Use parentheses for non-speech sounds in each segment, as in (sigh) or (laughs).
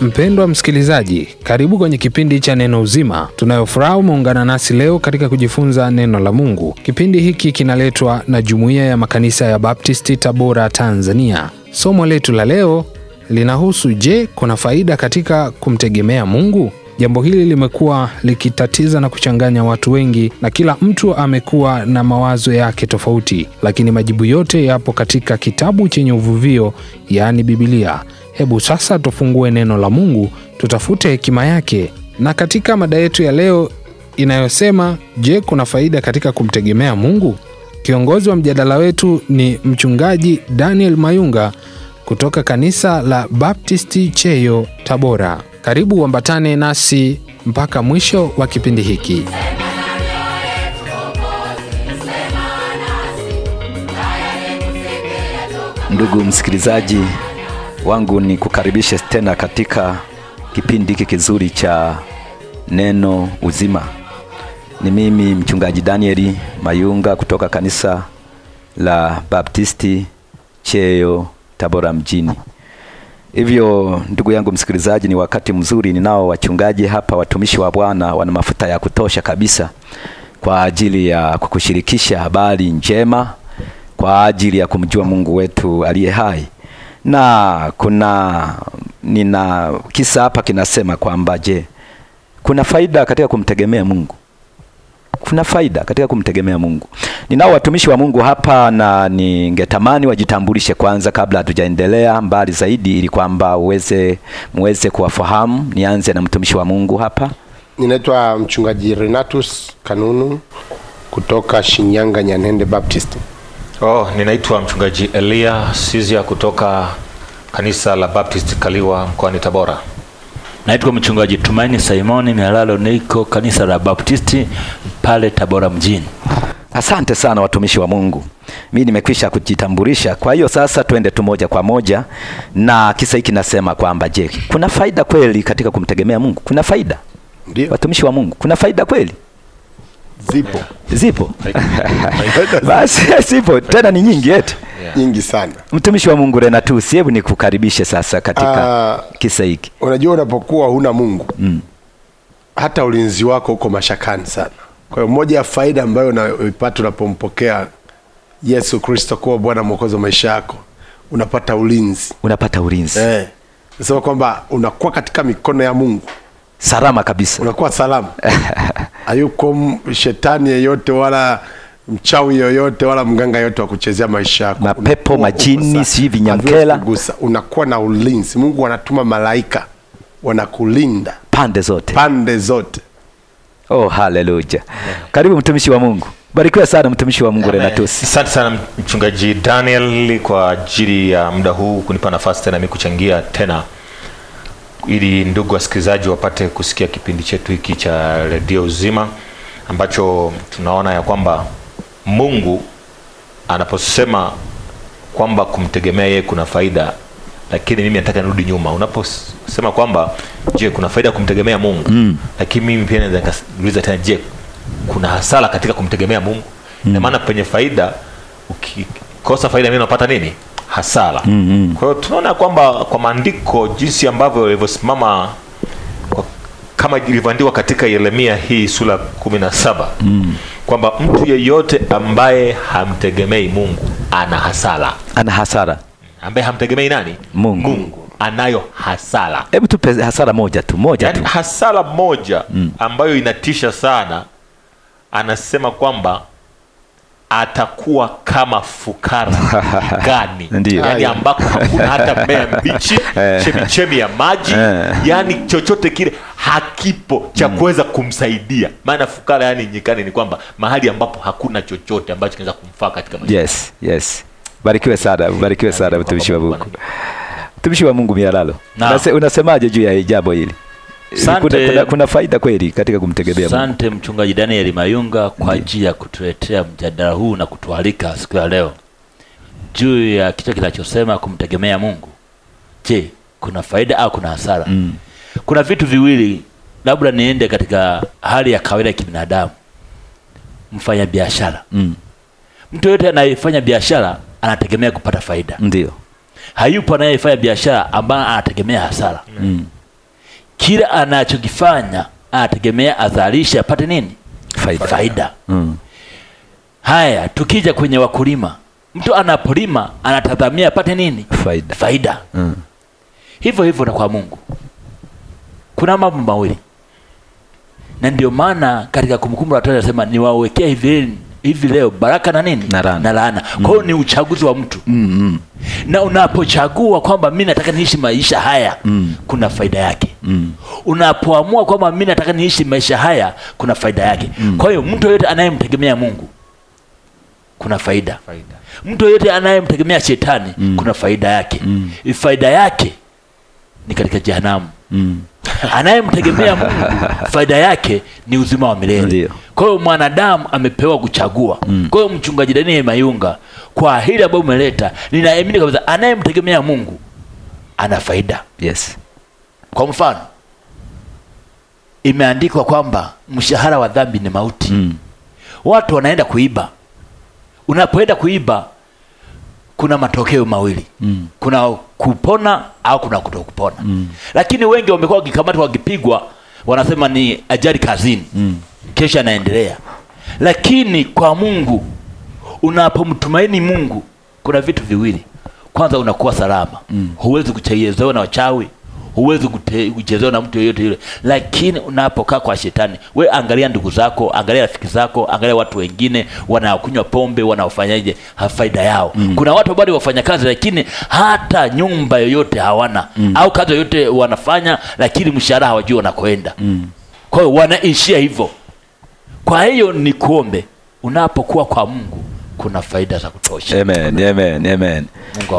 Mpendwa msikilizaji, karibu kwenye kipindi cha Neno Uzima. Tunayofuraha umeungana nasi leo katika kujifunza neno la Mungu. Kipindi hiki kinaletwa na Jumuiya ya Makanisa ya Baptisti Tabora, Tanzania. Somo letu la leo linahusu je, kuna faida katika kumtegemea Mungu? Jambo hili limekuwa likitatiza na kuchanganya watu wengi, na kila mtu amekuwa na mawazo yake tofauti, lakini majibu yote yapo katika kitabu chenye uvuvio, yaani bibilia Hebu sasa tufungue neno la Mungu, tutafute hekima yake. Na katika mada yetu ya leo inayosema, je, kuna faida katika kumtegemea Mungu? Kiongozi wa mjadala wetu ni mchungaji Daniel Mayunga kutoka kanisa la Baptisti Cheyo Tabora. Karibu uambatane nasi mpaka mwisho wa kipindi hiki. Ndugu msikilizaji wangu, ni kukaribishe tena katika kipindi hiki kizuri cha neno uzima. Ni mimi mchungaji Danieli Mayunga kutoka kanisa la Baptisti Cheyo Tabora mjini. Hivyo ndugu yangu msikilizaji, ni wakati mzuri ninao wachungaji hapa, watumishi wa Bwana wana mafuta ya kutosha kabisa kwa ajili ya kukushirikisha habari njema kwa ajili ya kumjua Mungu wetu aliye hai. Na kuna nina kisa hapa kinasema kwamba je, kuna faida katika kumtegemea Mungu? kuna faida katika kumtegemea Mungu. Ninao watumishi wa Mungu hapa na ningetamani wajitambulishe kwanza kabla hatujaendelea mbali zaidi ili kwamba uweze muweze kuwafahamu. Nianze na mtumishi wa Mungu hapa. Ninaitwa mchungaji Renatus Kanunu kutoka Shinyanga Nyanende Baptist. Oh, ninaitwa mchungaji Elia Sizia kutoka kanisa la Baptist Kaliwa mkoani Tabora. Naitwa mchungaji Tumaini Simoni Mialalo, niko kanisa la Baptisti pale Tabora mjini. Asante sana watumishi wa Mungu, mi nimekwisha kujitambulisha. Kwa hiyo sasa twende tu moja kwa moja na kisa hiki. Nasema kwamba je, kuna faida kweli katika kumtegemea Mungu? Kuna faida ndio, watumishi wa Mungu, kuna faida kweli? Zipo. yeah. Zipo. (laughs) Basi zipo tena ni nyingi eti. Yeah. Nyingi sana. Mtumishi wa Mungu Renatus, hebu nikukaribishe sasa katika uh, kisa hiki. Unajua unapokuwa huna Mungu mm. hata ulinzi wako uko mashakani sana. Kwa hiyo moja ya faida ambayo unaipata unapompokea Yesu Kristo kuwa Bwana Mwokozi wa maisha yako, unapata ulinzi. Unapata ulinzi. Eh. Nasema kwamba unakuwa katika mikono ya Mungu. Salama kabisa. Unakuwa salama. (laughs) hayuko shetani yeyote wala mchawi yoyote wala mganga yoyote wa kuchezea maisha yako, mapepo, majini, si vinyankela, unakuwa na ulinzi. Mungu anatuma malaika wanakulinda pande zote, pande zote. Oh, haleluya! Karibu mtumishi wa Mungu. Barikiwa sana mtumishi wa Mungu Renatus. Asante sana mchungaji Daniel kwa ajili ya muda huu kunipa nafasi tena mimi kuchangia tena ili ndugu wasikilizaji wapate kusikia kipindi chetu hiki cha redio Uzima ambacho tunaona ya kwamba Mungu anaposema kwamba kumtegemea yeye kuna faida, lakini mimi nataka nirudi nyuma. Unaposema kwamba je, kuna faida kumtegemea Mungu mm. lakini mimi pia naweza nikauliza tena, je, kuna hasara katika kumtegemea Mungu? mm. na maana penye faida ukikosa faida mimi napata nini? hasara mm -hmm. Kwa hiyo tunaona kwamba kwa maandiko jinsi ambavyo ilivyosimama kama ilivyoandikwa katika Yeremia hii sura kumi na saba mm. kwamba mtu yeyote ambaye hamtegemei Mungu ana hasara, ana hasara. Ambaye hamtegemei nani? Mungu, Mungu anayo hasara. Hebu tupe hasara moja tu, moja yaani tu, hasara moja mm. ambayo inatisha sana. Anasema kwamba atakuwa kama fukara (laughs) gani? Yani ambako hakuna hata mmea mbichi, (laughs) eh. chemichemi ya maji, eh. yani chochote kile hakipo cha mm. kuweza kumsaidia. Maana fukara yani nyikani ni kwamba mahali ambapo hakuna chochote ambacho kinaweza kumfaa katika maisha. Yes, yes. Barikiwe sana, barikiwe sana mtumishi wa Mungu. Mtumishi wa Mungu Mialalo. Unasemaje juu ya jambo hili? Kuna, kuna faida kweli katika kumtegemea Mungu. Asante mchungaji Daniel Mayunga kwa ajili ya kutuletea mjadala huu na kutualika siku ya leo juu ya kichwa kinachosema kumtegemea Mungu. Je, kuna faida au kuna hasara? Mm. Kuna vitu viwili, labda niende katika hali ya kawaida ya kibinadamu. Mfanya biashara mm. Mtu yote anayefanya biashara anategemea kupata faida, ndio hayupo anayefanya biashara ambaye anategemea hasara mm kila anachokifanya anategemea azalishe apate nini? Faida, faida. Mm. Haya, tukija kwenye wakulima, mtu anapolima anatazamia apate nini? Faida, faida. Mm. Hivyo hivyo na kwa Mungu kuna mambo mawili, na ndio maana katika Kumbukumbu la Torati anasema hivi leo baraka na nini na laana, na laana. Mm. Kwa hiyo mm. ni uchaguzi wa mtu mm -hmm. na unapochagua kwamba mimi nataka niishi maisha haya mm. kuna faida yake mm. unapoamua kwamba mimi nataka niishi maisha haya kuna faida yake mm. kwa hiyo mtu yoyote anayemtegemea Mungu kuna faida, faida. mtu yoyote anayemtegemea shetani mm. kuna faida yake mm. faida yake ni katika jehanamu mm. (laughs) anayemtegemea Mungu (laughs) faida yake ni uzima wa milele. Kwa hiyo mwanadamu amepewa kuchagua. Mm. Kwa hiyo Mchungaji Daniel Mayunga, kwa hili ambayo umeleta, ninaamini kabisa anayemtegemea Mungu ana faida. Yes. Kwa mfano imeandikwa kwamba mshahara wa dhambi ni mauti. Mm. Watu wanaenda kuiba, unapoenda kuiba kuna matokeo mawili mm. kuna kupona au kuna kutokupona mm. Lakini wengi wamekuwa wakikamatwa, wakipigwa, wanasema ni ajali kazini mm. Kesha anaendelea, lakini kwa Mungu unapomtumaini Mungu kuna vitu viwili. Kwanza unakuwa salama mm. Huwezi kuchaiezewa na wachawi, huwezi kuchezewa na mtu yoyote yule. Lakini unapokaa kwa shetani, we angalia ndugu zako, angalia rafiki zako, angalia watu wengine wanaokunywa pombe, wanaofanyaje, faida yao mm. Kuna watu bado wafanya kazi, lakini hata nyumba yoyote hawana mm. au kazi yoyote wanafanya, lakini mshahara hawajui wanakoenda mm. Kwa hiyo wanaishia hivyo. Kwa hiyo ni kuombe unapokuwa kwa Mungu kuna faida za kutosha. Amen, amen, amen.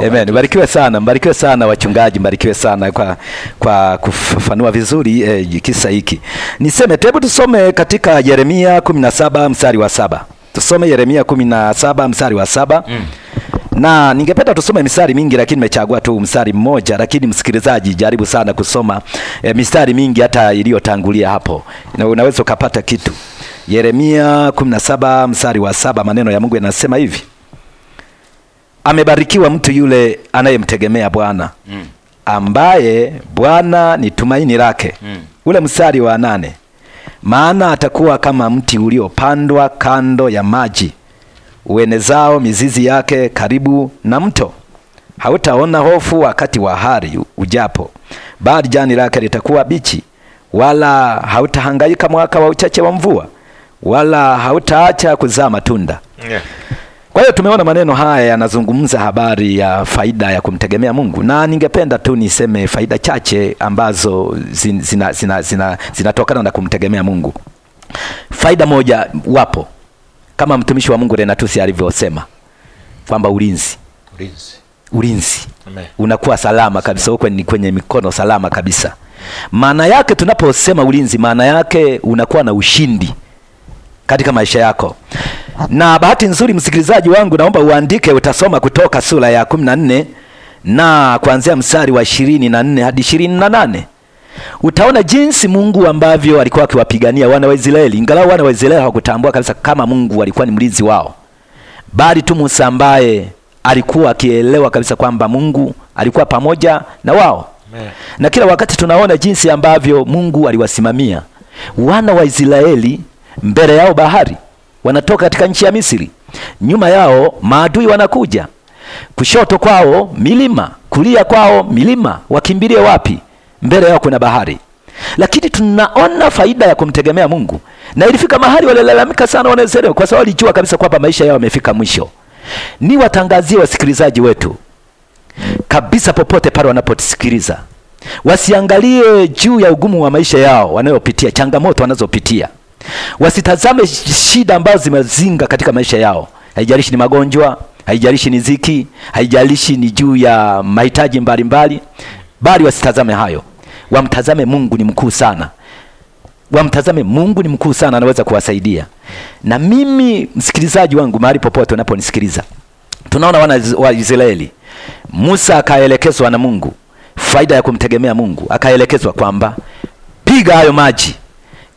Amen. Barikiwe sana, barikiwe sana wachungaji, barikiwe sana kwa kwa kufafanua vizuri eh, kisa hiki. Niseme tebu tusome katika Yeremia 17 mstari wa saba. Tusome Yeremia 17 mstari wa saba. Mm. Na ningependa tusome mistari mingi lakini nimechagua tu mstari mmoja, lakini msikilizaji, jaribu sana kusoma e, mistari mingi hata iliyotangulia hapo. Na unaweza ukapata kitu. Yeremia 17 msari wa saba, maneno ya Mungu yanasema hivi: amebarikiwa mtu yule anayemtegemea Bwana mm. ambaye Bwana ni tumaini lake mm. ule msari wa nane, maana atakuwa kama mti uliopandwa kando ya maji uenezao mizizi yake karibu na mto hautaona hofu wakati wa hari ujapo, bali jani lake litakuwa bichi, wala hautahangaika mwaka wa uchache wa mvua, wala hautaacha kuzaa matunda yeah. Kwa hiyo tumeona maneno haya yanazungumza habari ya faida ya kumtegemea Mungu, na ningependa tu niseme faida chache ambazo zinatokana zina, zina, zina, zina na kumtegemea Mungu. Faida moja wapo kama mtumishi wa Mungu Renatusi alivyosema kwamba ulinzi, ulinzi, ulinzi unakuwa salama kabisa, huko, ni kwenye mikono salama kabisa. Maana yake tunaposema ulinzi, maana yake unakuwa na ushindi katika maisha yako. Na bahati nzuri, msikilizaji wangu, naomba uandike, utasoma Kutoka sura ya kumi na nne na kuanzia mstari wa ishirini na nne hadi ishirini na nane utaona jinsi Mungu ambavyo alikuwa akiwapigania wana wa Israeli, ingalau wana wa Israeli hawakutambua kabisa kama Mungu alikuwa ni mlinzi wao, bali tu Musa ambaye alikuwa akielewa kabisa kwamba Mungu alikuwa pamoja na wao Amen. Na kila wakati tunaona jinsi ambavyo Mungu aliwasimamia wana wa Israeli mbele yao bahari, wanatoka katika nchi ya Misri, nyuma yao maadui wanakuja, kushoto kwao milima, kulia kwao milima, wakimbilie wapi? Mbele yao kuna bahari. Lakini tunaona faida ya kumtegemea Mungu, na ilifika mahali walilalamika sana wana kwa sababu walijua kabisa kwamba maisha yao yamefika mwisho. Ni watangazie wasikilizaji wetu kabisa, popote pale wanaposikiliza, wasiangalie juu ya ugumu wa maisha yao wanayopitia, changamoto wanazopitia Wasitazame shida ambazo zimezinga katika maisha yao, haijalishi ni magonjwa, haijalishi ni ziki, haijalishi ni juu ya mahitaji mbalimbali, bali wasitazame hayo, wamtazame Mungu ni mkuu sana wamtazame Mungu ni mkuu sana, anaweza kuwasaidia. Na mimi msikilizaji wangu, mahali popote unaponisikiliza, tunaona wana wa Israeli, Musa akaelekezwa na Mungu faida ya kumtegemea Mungu, akaelekezwa kwamba piga hayo maji,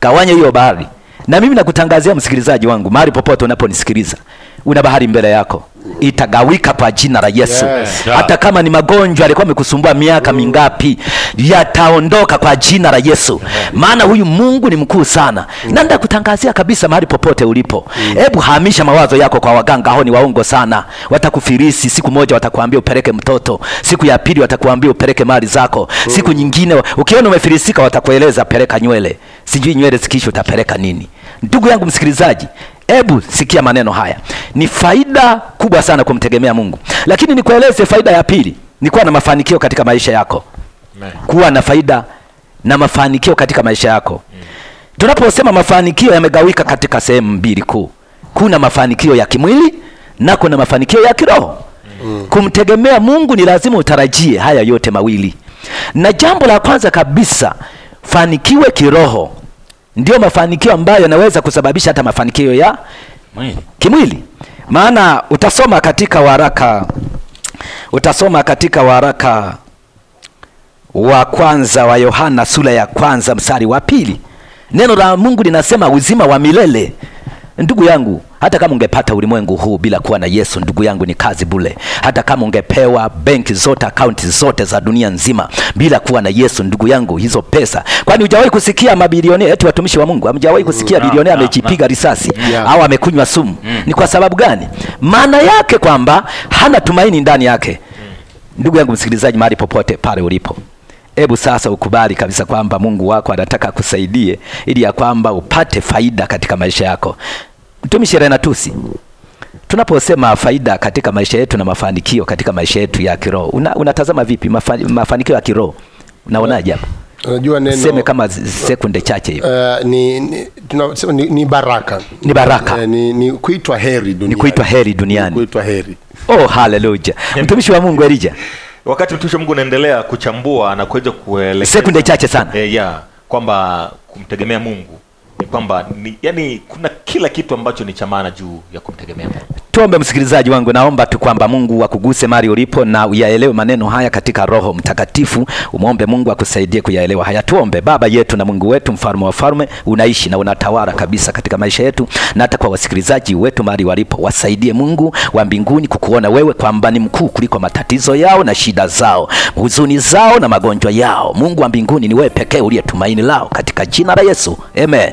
gawanya hiyo bahari, na mimi nakutangazia msikilizaji wangu, mahali popote unaponisikiliza, una bahari mbele yako itagawika kwa jina la Yesu. Yes. Hata kama ni magonjwa alikuwa amekusumbua miaka mingapi, yataondoka kwa jina la Yesu, maana huyu Mungu ni mkuu sana. Mm. Na ndakutangazia kabisa, mahali popote ulipo, mm. hebu mm, hamisha mawazo yako kwa waganga. Hao ni waongo sana, watakufirisi. Siku moja watakuambia upeleke mtoto, siku ya pili watakuambia upeleke mali zako, mm, siku nyingine ukiona umefirisika watakueleza peleka nywele, sijui nywele zikisha utapeleka nini. Ndugu yangu msikilizaji, Hebu sikia maneno haya, ni faida kubwa sana kumtegemea Mungu. Lakini nikueleze faida ya pili, ni kuwa na mafanikio katika maisha yako Amen. Kuwa na faida na mafanikio katika maisha yako mm. Tunaposema mafanikio yamegawika katika sehemu mbili kuu, kuna mafanikio ya kimwili na kuna mafanikio ya kiroho mm. Kumtegemea Mungu ni lazima utarajie haya yote mawili, na jambo la kwanza kabisa, fanikiwe kiroho ndio mafanikio ambayo yanaweza kusababisha hata mafanikio ya mwili. kimwili. Maana utasoma katika waraka utasoma katika waraka wa kwanza wa Yohana sura ya kwanza mstari wa pili neno la Mungu linasema uzima wa milele. Ndugu yangu, hata kama ungepata ulimwengu huu bila kuwa na Yesu, ndugu yangu, ni kazi bule. Hata kama ungepewa benki zote, akaunti zote za dunia nzima bila kuwa na Yesu, ndugu yangu, hizo pesa, kwani hujawahi kusikia mabilionea eti watumishi wa Mungu? Hamjawahi kusikia mm, bilionea ah, amejipiga ah, risasi au amekunywa sumu? Mm. Ni kwa sababu gani? Maana yake kwamba hana tumaini ndani yake. Ndugu yangu msikilizaji, mahali popote pale ulipo, hebu sasa ukubali kabisa kwamba Mungu wako anataka kusaidie ili ya kwamba upate faida katika maisha yako. Mtumishi Renatus, tunaposema faida katika maisha yetu na mafanikio katika maisha yetu ya kiroho una, unatazama vipi mafa, mafanikio ya kiroho unaonaje hapo? Unajua neno seme kama sekunde chache hivi uh, ni, ni, ni, ni baraka ni baraka uh, ni, ni kuitwa heri duniani ni kuitwa heri duniani ni kuitwa heri. Oh, haleluya! Mtumishi wa Mungu Elija, wakati mtumishi wa Mungu anaendelea kuchambua na kuweza kuelekeza sekunde chache sana eh, yeah, kwamba kumtegemea Mungu kwamba ni, yani kuna kila kitu ambacho ni cha maana juu ya kumtegemea Mungu. Tuombe msikilizaji wangu, naomba tu kwamba Mungu akuguse mali ulipo na uyaelewe maneno haya katika Roho Mtakatifu. Umwombe Mungu akusaidie kuyaelewa haya. Tuombe. Baba yetu na Mungu wetu, mfalme wa falme, unaishi na unatawala kabisa katika maisha yetu na hata kwa wasikilizaji wetu mahali walipo, wasaidie Mungu wa mbinguni kukuona wewe kwamba ni mkuu kuliko matatizo yao na shida zao, huzuni zao na magonjwa yao. Mungu wa mbinguni, ni wewe pekee uliye tumaini lao, katika jina la Yesu, amen.